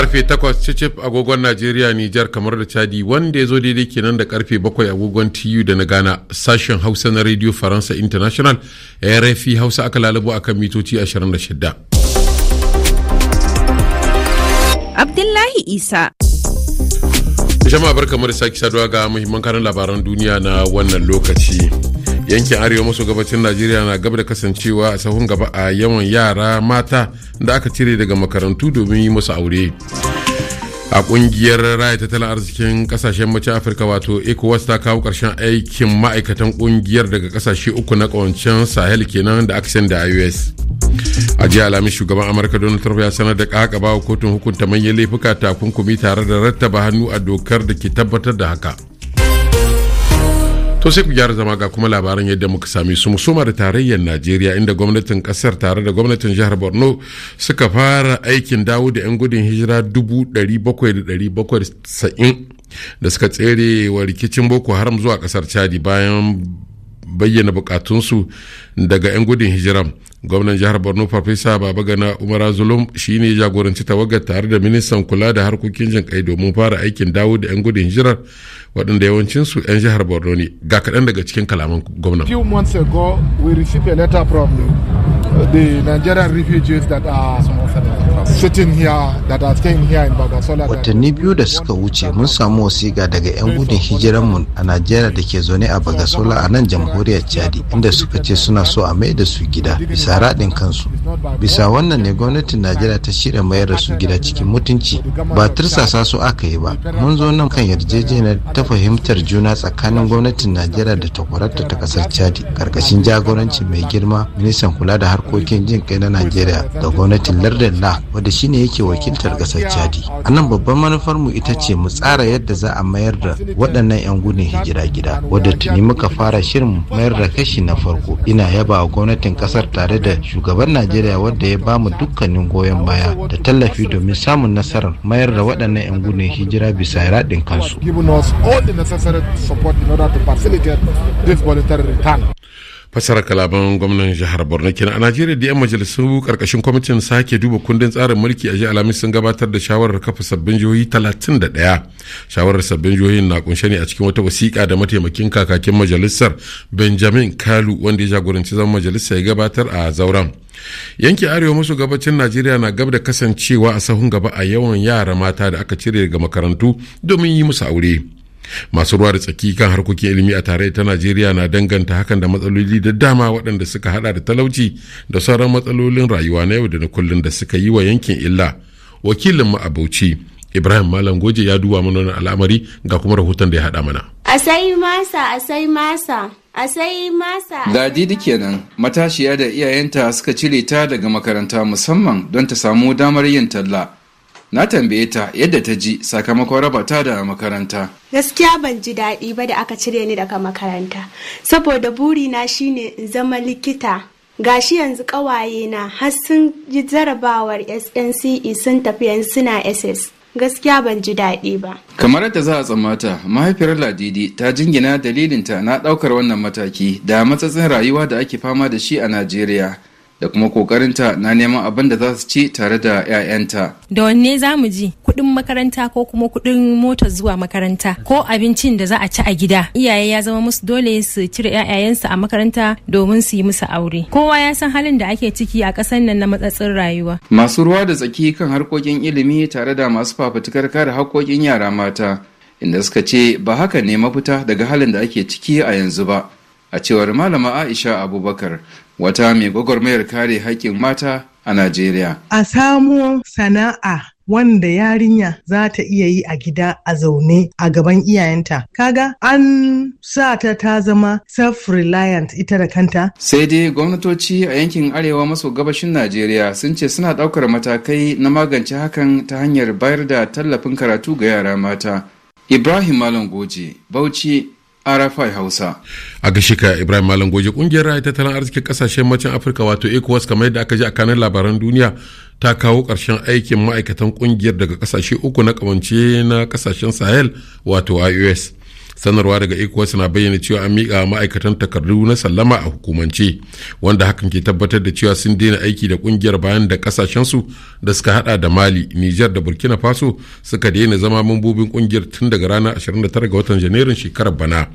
karfe 8 cicif agogon najeriya nijar kamar da chadi wanda ya zo daidai kenan da karfe 7 agogon tu da na ghana sashen hausa na radio faransa international rfi hausa aka lalabo akan mitoci da 26 abdullahi isa jama'a barkamu da sake saduwa ga muhimman karin labaran duniya na wannan lokaci yankin arewa maso gabacin najeriya na gaba da kasancewa a sahun gaba a yawan yara mata da aka cire daga makarantu domin yi musu aure a kungiyar raya tattalin arzikin kasashen mace afirka wato ecowas ta kawo karshen aikin ma'aikatan kungiyar daga kasashe uku na kawancen sahel kenan da aka da ios a jiya alhamis shugaban amurka donald trump ya sanar da bawa kotun hukunta manyan laifuka takunkumi tare da rattaba hannu a dokar da ke tabbatar da haka to sai ku gyara zama ga kuma labaran yadda muka sami su musoma da tarayyar najeriya inda gwamnatin kasar tare da gwamnatin jihar borno suka fara aikin dawo da 'yan gudun hijira bakwai da suka tsere wa rikicin boko haram zuwa kasar chadi bayan bayyana bukatunsu daga 'yan gudun hijiran gwamnan jihar borno farfesa babagana umar zulum shine jagoranci tawagar tare da ministan kula da harkokin jin kai domin fara aikin dawo da 'yan gudun hijirar waɗanda su 'yan jihar borno ne ga kaɗan daga cikin kalaman gwamnan few months ago we received a letter from the nigerian refugees that are watanni biyu da suka wuce mun samu wasiƙa daga 'yan gudun hijiranmu a najeriya da ke zaune a bagasola a nan jamhuriyar chadi inda suka ce suna so a mai da su gida bisa raɗin kansu bisa wannan ne gwamnatin najeriya ta shirya mayar da su gida cikin mutunci ba tursasa su aka yi ba mun zo nan kan yarjejeniyar ta fahimtar juna tsakanin gwamnatin najeriya da ta takwararta ta ƙasar chadi karkashin jagoranci mai girma ministan kula da harkokin jin kai na najeriya da gwamnatin lardin la wanda shine yake wakiltar kasar chadi anan nan babban manufar mu ita ce mu tsara yadda za a mayar da waɗannan 'yan gudun hijira gida wadda tuni muka fara shirin mayar da kashi na farko ina yaba a gwamnatin ƙasar tare da shugaban najeriya wadda ya bamu dukkanin goyon baya da tallafi domin samun nasarar mayar da waɗannan 'yan gudun hijira bisa raɗin kansu. fasara kalaban gwamnan jihar borno kenan a najeriya da 'yan majalisu karkashin kwamitin sake duba kundin tsarin mulki a jiya alhamis sun gabatar da shawarar kafa sabbin jihohi 31 shawarar sabbin jihohin na kunshe ne a cikin wata wasiƙa da mataimakin kakakin majalisar benjamin kalu wanda ya jagoranci zaman majalisa ya gabatar a zauren yankin arewa maso gabacin najeriya na gab da kasancewa a sahun gaba a yawan yara mata da aka cire daga makarantu domin yi musu aure masu ruwa da tsaki kan harkokin ilimi a tare ta najeriya na danganta hakan da matsaloli da dama waɗanda suka hada da talauci da sauran matsalolin rayuwa na yau da na kullum da suka yi wa yankin illa wakilin mu a ibrahim malam goje ya duba mana wannan al'amari ga kuma rahoton da ya haɗa mana a masa a masa a sai masa ladidi kenan matashiya da iyayenta suka cire ta daga makaranta musamman don ta samu damar yin talla na tambaye ta yadda ta ji sakamakon raba ta da makaranta gaskiya ban ji daɗi ba da aka cire ni daga makaranta saboda buri na shine in zama likita gashi yanzu ƙawaye na har sun ji jarabawar snce sun tafi yanzu suna ss gaskiya ban ji daɗi ba kamar yadda za a tsammata mahaifiyar ladidi ta jingina dalilinta na ɗaukar wannan mataki da matsatsin rayuwa da ake fama da shi a najeriya da kuma kokarinta na neman abin da za su ci tare da 'ya'yanta. Da wanne za mu ji kuɗin makaranta ko kuma kuɗin mota zuwa makaranta ko abincin da za a ci a gida. Iyaye ya zama musu dole su cire 'ya'yayensu a makaranta domin su yi musu aure. Kowa ya san halin da ake ciki a ƙasar nan na matsatsin rayuwa. Masu ruwa da tsaki kan harkokin ilimi tare da masu fafutukar kare harkokin yara mata. Inda suka ce ba haka ne mafita daga halin da ake ciki a yanzu ba. a cewar malama aisha abubakar wata mai gwagwarmayar kare haƙƙin mata a najeriya a samu sana'a wanda yarinya za ta iya yi a gida a zaune a gaban iyayenta kaga an sa ta ta zama self-reliant ita da kanta sai dai gwamnatoci a yankin arewa maso gabashin najeriya sun ce suna ɗaukar matakai na magance hakan ta hanyar bayar da tallafin karatu ga yara mata ibrahim malam goje bauchi arafai Hausa. A gashi ka Ibrahim Malam Goje kungiyar raya tattalin arzikin kasashen macen Afirka wato ECOWAS kamar yadda aka ji a kanin labaran duniya ta kawo karshen aikin ma'aikatan kungiyar daga kasashe uku na kamance na kasashen Sahel wato IOS. sanarwa daga ecowas na bayyana cewa an miƙa ma'aikatan takardu na sallama a hukumance wanda hakan ke tabbatar da cewa sun daina aiki da kungiyar bayan da kasashensu da suka hada da mali nijar da burkina faso suka daina zama mambobin kungiyar tun daga ranar 29 ga watan janairun shekarar bana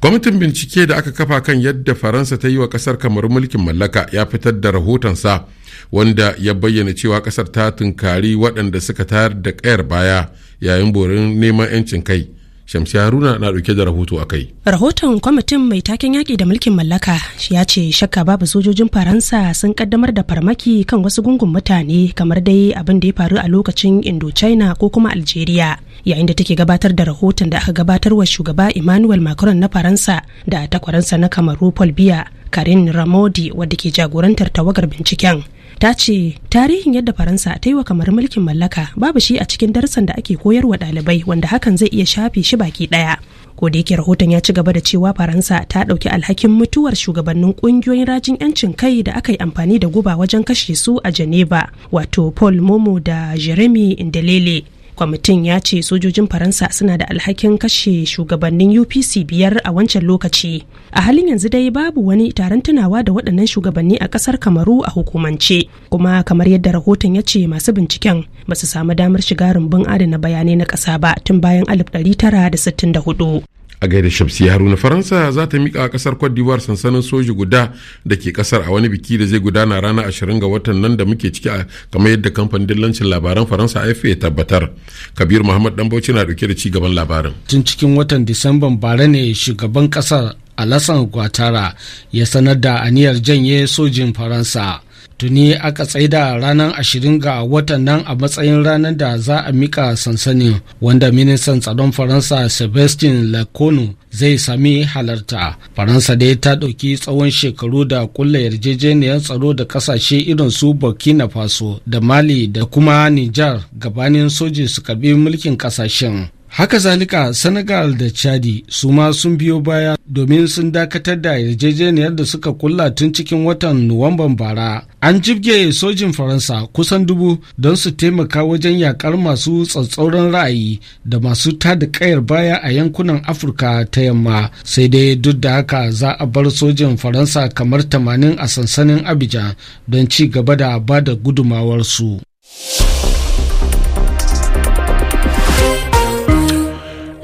kwamitin bincike da aka kafa kan yadda faransa ta yi wa kasar kamar mulkin mallaka ya fitar da rahotonsa wanda ya bayyana cewa kasar ta tunkari waɗanda suka tayar da kayar baya yayin borin neman 'yancin kai Shamsi Haruna na ɗauke da rahoto a kai. Rahoton kwamitin mai taken yaƙi da mulkin mallaka ya ce shakka babu sojojin Faransa sun kaddamar da farmaki kan wasu gungun mutane kamar dai abin da ya faru a lokacin Indochina ko kuma Algeria. Yayin da take gabatar da rahoton da aka gabatar wa shugaba Emmanuel Macron na Faransa da takwaransa na Kamaru Paul Biya Karin Ramodi wadda ke jagorantar tawagar binciken ta ce tarihin yadda faransa ta yi wa kamar mulkin mallaka babu shi a cikin darussan da ake koyarwa dalibai wanda hakan zai iya shafe shi baki daya ko da yake rahoton ya ci gaba da cewa faransa ta ɗauki alhakin mutuwar shugabannin ƙungiyoyin rajin 'yancin kai da aka yi amfani da guba wajen kashe su a geneva wato paul momo da jeremy indelele kwamitin ya ce sojojin faransa suna da alhakin kashe shugabannin upc biyar a wancan lokaci a halin yanzu dai babu wani taron tunawa da waɗannan shugabanni a ƙasar kamaru a hukumance kuma kamar yadda rahoton ya ce masu binciken ba su samu damar shiga rumbun adana bayanai na ƙasa ba tun bayan 1964 a gaida shamsi haruna faransa za ta mika a kasar cote d'ivoire sansanin soji guda da ke kasar a wani biki da zai gudana ranar ashirin ga watan nan da muke ciki a kamar yadda kamfanin dillancin labaran faransa afa ya tabbatar kabir muhammad bauchi na dauke da ci gaban labarin tun cikin watan disamban bara ne shugaban kasar alasan guatara ya sanar da aniyar janye sojin faransa tuni aka tsaida ranar ashirin ga watan nan a matsayin ranar da za a mika sansanin wanda ministan tsaron faransa sebastien laconu zai sami halarta faransa dai ta ɗauki tsawon shekaru da kulla yarjejeniyar tsaro da ƙasashe irin su burkina faso da mali da kuma Niger gabanin soji su karbi mulkin ƙasashen haka zalika senegal da chadi su ma sun biyo baya domin sun dakatar da yarjejeniyar da suka kulla tun cikin watan nuwamban bara an jibge sojin faransa kusan dubu don su taimaka wajen yakar masu tsatsauran ra'ayi da masu tada kayar baya a yankunan afirka ta yamma sai dai duk da haka za a bar sojin faransa kamar tamanin a sansanin abidjan don ci gaba da ba da gudumawarsu. su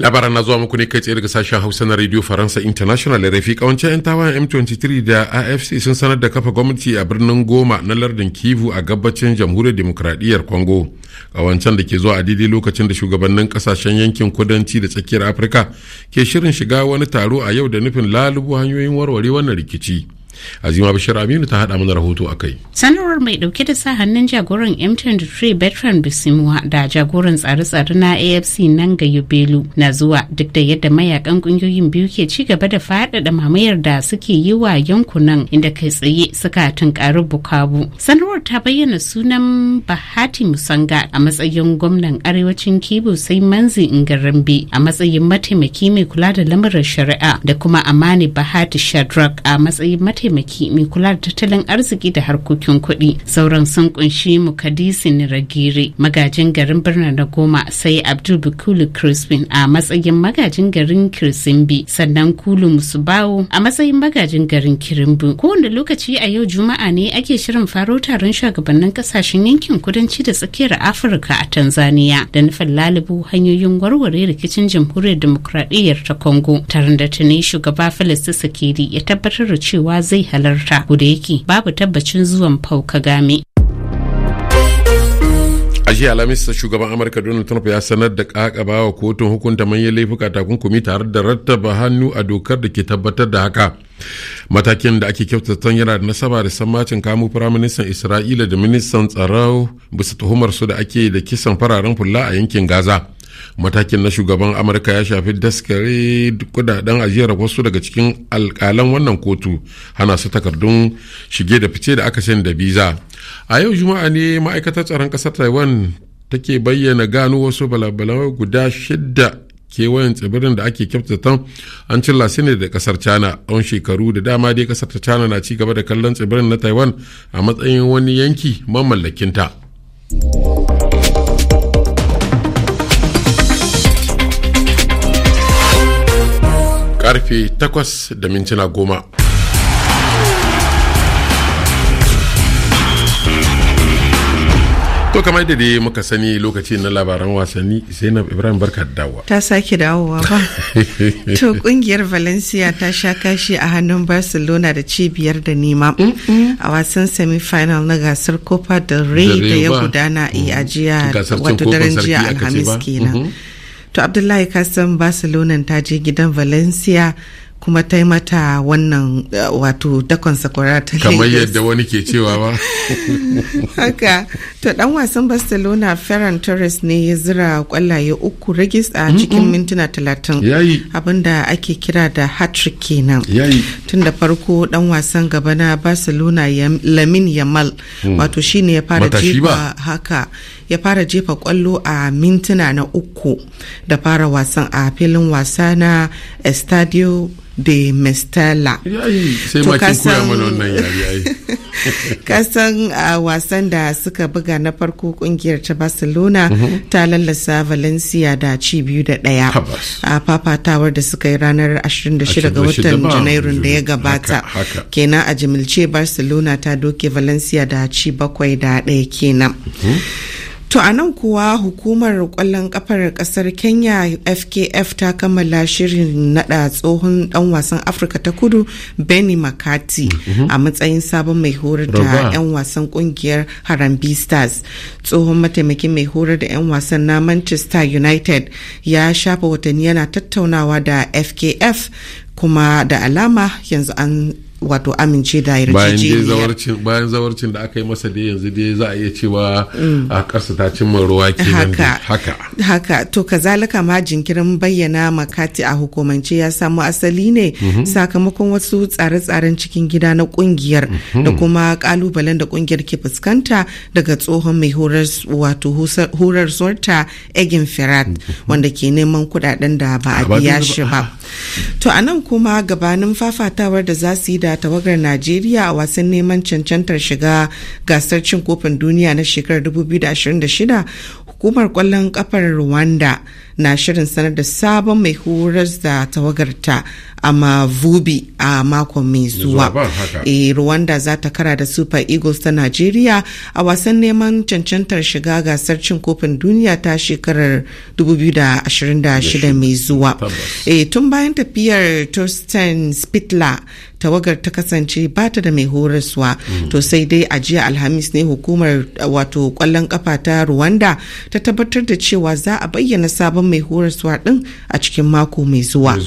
labaran na zuwa muku ne kai tsaye daga sashen hausa na radio faransa international rafi kawance 'yan tawayen m23 da afc sun sanar da kafa gwamnati a birnin goma na lardin kivu a gabacin jamhuriyar demokradiyyar congo kawancen da ke zuwa a daidai lokacin da shugabannin kasashen yankin kudanci da tsakiyar afirka ke shirin shiga wani taro a yau da nufin lalubu hanyoyin warware wannan rikici azima bashir aminu ta hada mana rahoto a kai sanarwar mai dauke da sa hannun jagoran m23 bertrand bisimwa da jagoran tsare-tsare na afc nan ga yubelu na zuwa duk da yadda mayakan ƙungiyoyin biyu ke ci gaba da faɗaɗa mamayar da suke yi wa yankunan inda kai tsaye suka tunkari bukabu sanarwar ta bayyana sunan bahati musanga a matsayin gwamnan arewacin kibu sai manzi ingarambe a matsayin mataimaki mai kula da lamuran shari'a da kuma amani bahati shadrack a matsayin mataimaki mataimaki mai kula da tattalin arziki da harkokin kuɗi sauran sun kunshi mukadisi niragiri magajin garin birnin na goma sai abdul bukulu crispin a matsayin magajin garin kirsimbi sannan kulu musubawo a matsayin magajin garin kirimbu kowane lokaci a yau juma'a ne ake shirin faro taron shugabannin kasashen yankin kudanci da tsakiyar afirka a tanzania da nufin lalubu hanyoyin warware rikicin jamhuriyar demokradiyyar ta congo taron da tuni shugaba felis sakiri ya tabbatar da cewa zai halarta da yake babu tabbacin zuwan fauka game a jiya alhamis shugaban amurka donald trump ya sanar da kakaba wa kotun hukunta manyan laifuka takunkumi tare da rattaba hannu a dokar da ke tabbatar da haka matakin da ake kyautata yana da nasaba da sammacin kamo firaministan isra'ila da ministan tsaro bisa tuhumar su da ake da kisan fararen fulla a yankin gaza matakin na shugaban amurka ya shafi daskare kudaden ajiyar wasu daga cikin alkalan wannan kotu hana su takardun shige da fice da aka sani da biza a yau juma'a ne ma'aikatar tsaron kasar taiwan take bayyana gano wasu balabalawa guda shidda kewayen tsibirin da ake kyautata an cilla su ne da kasar china tsawon shekaru da dama dai kasar ta china na ci gaba da kallon tsibirin na taiwan a matsayin wani yanki mamallakinta. ta karfe 8 da mintuna goma. To kamar da dai muka sani lokaci na labaran wasanni Zainab Ibrahim barka dawowa. Ta sake dawowa ba. to kungiyar Valencia ta sha kashi a hannun Barcelona da cibiyar da nema a wasan semi-final na gasar Copa del Rey da ya gudana a jiya wata daren jiya Alhamis kenan. to abdullahi kasan barcelona ta je gidan valencia kuma ta yi mata wannan uh, wato dakon sakwara ta kamar yadda wani ke cewa ba haka to dan wasan barcelona ferran torres ne ya zira kwallaye uku ragis a cikin mintuna talatin abinda ake kira da hat-trick kenan tun da farko dan wasan gaba na barcelona lamin yamal hmm. wato shine ya fara jefa haka ya fara jefa kwallo a mintuna na uku da fara wasan a filin wasa na estadio de mestala to kasan a wasan da suka buga na farko kungiyar ta barcelona mhm. ta lallasa valencia da ci biyu da daya a fafatawar da suka yi ranar 26 ga watan janairun da ya gabata kenan a jimilce barcelona ta doke valencia da ci bakwai da daya kenan mhm. To a nan kuwa hukumar kwallon kafar kasar Kenya FKF ta kammala shirin nada tsohon dan wasan Afirka ta kudu Benny Makati mhm. a matsayin sabon mai horar da 'yan wasan kungiyar Harambe Stars. Tsohon mataimakin mai horar da 'yan wasan na Manchester United ya shafa watanni yana tattaunawa da FKF kuma da alama yanzu an wato amince da yarjejeniya bayan zawarcin da aka yi masa dai yanzu dai za a iya cewa mm. a ƙasa ta cimma ruwa kenan haka haka to kazalika ma jinkirin bayyana makati a hukumance ya samu asali ne mhm. sakamakon wasu tsare-tsaren cikin gida na kungiyar da mhm. kuma kalubalen da kungiyar ke fuskanta daga tsohon mai horar wato horar sorta egin firat mhm. wanda ke neman kudaden da ba a biya shi ba ah. to anan kuma gabanin fafatawar da za su yi da tawagar Najeriya a wasan neman cancantar shiga gasar cin kofin duniya na shekarar 2026 hukumar kwallon kafar Rwanda na shirin sanar da sabon mai horar da tawagarta a mavubi a makon mai zuwa e, rwanda za ta kara da super eagles ta nigeria a wasan neman cancantar shiga gasar cin kofin duniya ta shekarar 2026 mai zuwa e, tun bayan tafiyar torsten Spittler, tawagar ta kasance ba ta da mai horaswa mm. to sai dai a jiya alhamis ne hukumar wato kwallon kafa ta rwanda ta tabbatar da cewa za a bayyana sabon sabon mai horaswa din a cikin mako mai zuwa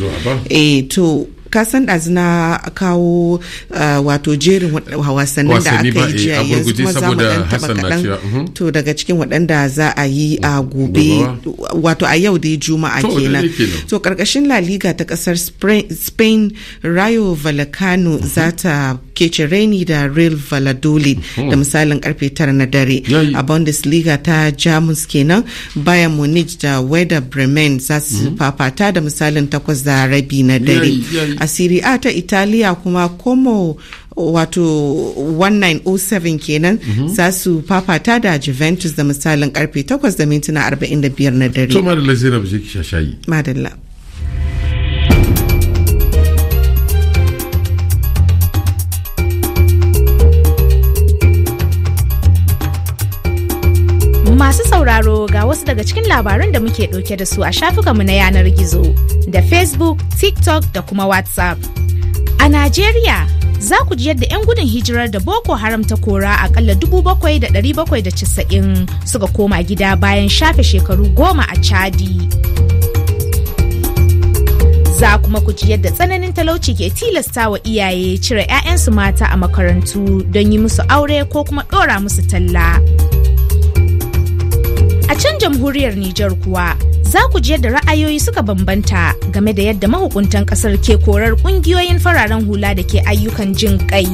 eh to ka san ɗazina kawo ah, wato jerin wasannin da aka yi eh, jiya yanzu kuma za mu ɗan taba kaɗan mhm. to daga cikin waɗanda za a yi a gobe wato a yau dai juma'a kenan to ƙarƙashin la liga ta ƙasar spain rayo vallecano mhm. za ta kece reni da real valladolid mhm. da misalin karfe tara na dare a bundesliga ta jamus kenan bayan munich da weda bremen za su fafata da misalin takwas da rabi na dare Mm. a siri A ah, ta Italiya kuma Como wato 1907 kenan mhm. za su fafata da Juventus da misalin karfe 845 na dare. To madalla Zainab ki shashayi. Madalla. Masu sauraro ga wasu daga cikin labaran da muke ɗauke da su a mu na yanar gizo da Facebook, TikTok da kuma WhatsApp. A Najeriya, za ku ji yadda 'yan gudun hijirar da Boko Haram ta kora akalla 7,790 suka koma gida bayan shafe shekaru goma a Chadi. Za kuma ku ji yadda tsananin talauci ke tilasta wa iyaye cire 'ya'yansu mata a makarantu don yi musu aure ko kuma ɗora musu talla. jamhuriyar Nijar kuwa za ku ji yadda ra'ayoyi suka bambanta game da yadda mahukuntan kasar ke korar kungiyoyin fararen hula da ke ayyukan jin kai.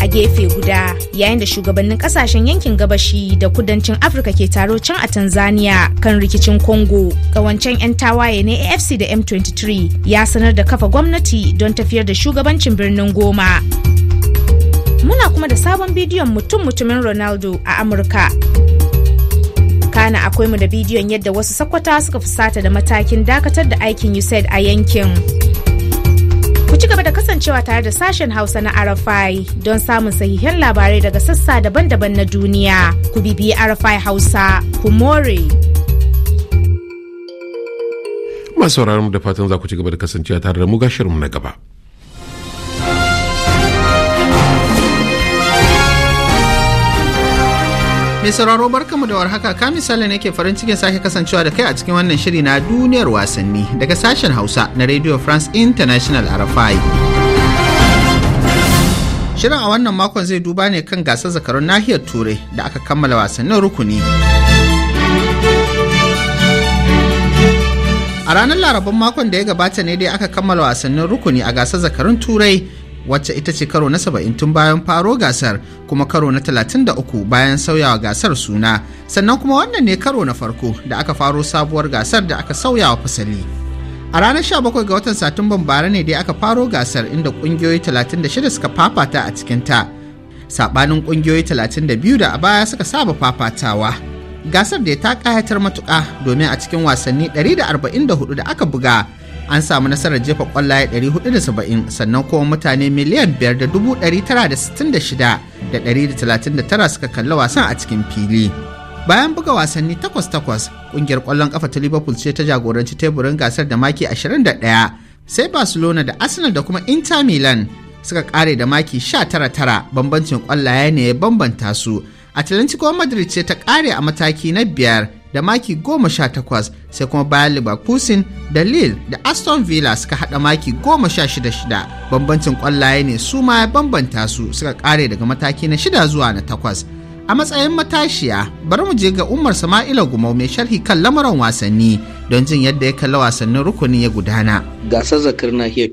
A gefe guda yayin da shugabannin kasashen yankin gabashi da kudancin Afirka ke taro can a Tanzania kan rikicin Congo, kawancen 'yan tawaye ne AFC da M23 ya sanar da kafa gwamnati don tafiyar da shugabancin birnin Goma. muna kuma da sabon bidiyon mutum-mutumin Ronaldo a Amurka. akwai mu da bidiyon yadda wasu sakwata suka fusata da matakin dakatar da aikin USAID a yankin. Ku ci gaba da kasancewa tare da sashen Hausa na Arafai don samun sahihan labarai daga sassa daban-daban na duniya. Ku bibiyi Arafai Hausa, ku more. Masu da fatan za ku ci gaba da kasancewa tare da mu na gaba. Mai sauraro barkamu da warhaka ka misali ke farin cikin sake kasancewa da kai a cikin wannan shiri na duniyar wasanni daga sashen Hausa na Radio France International RFI. Shirin a wannan makon zai duba ne kan gasar zakarun nahiyar Turai da aka kammala wasannin rukuni. A ranar laraban makon da ya gabata ne dai aka kammala wasannin rukuni a gasar zakarun Turai wacce ita ce karo na 70 tun bayan faro gasar kuma karo na 33 bayan sauyawa gasar suna sannan kuma wannan ne karo na farko da aka faro sabuwar gasar da aka sauyawa fasali a ranar 17 ga watan satumban bara ne dai aka faro gasar inda kungiyoyi 36 suka fafata a cikinta saɓanin kungiyoyi 32 da a baya suka saba fafatawa gasar da ta kayatar matuƙa domin a cikin wasanni 144 da aka buga an samu nasarar jefa kwallaye 470 sannan kuma mutane miliyan 5,966,139 suka kalli wasan a cikin fili. Bayan buga wasanni takwas-takwas, kungiyar kwallon kafa ta Liverpool ce ta jagoranci teburin gasar da maki 21, sai Barcelona da Arsenal da kuma Inter Milan suka kare da maki 19 bambancin kwallaye ne ya bambanta su. Atlantico Madrid ce ta kare a mataki na biyar da maki goma sha takwas sai kuma bayan Leverkusen da Lille da Aston Villa suka haɗa maki goma sha shida shida bambancin ƙwallaye ne su ma ya bambanta su suka kare daga mataki na shida zuwa na takwas. A matsayin matashiya bari mu je ga Umar Sama'ila Gumau mai sharhi kan lamuran wasanni don jin yadda ya kalla wasannin rukunin ya gudana. Gasar zakar nahiyar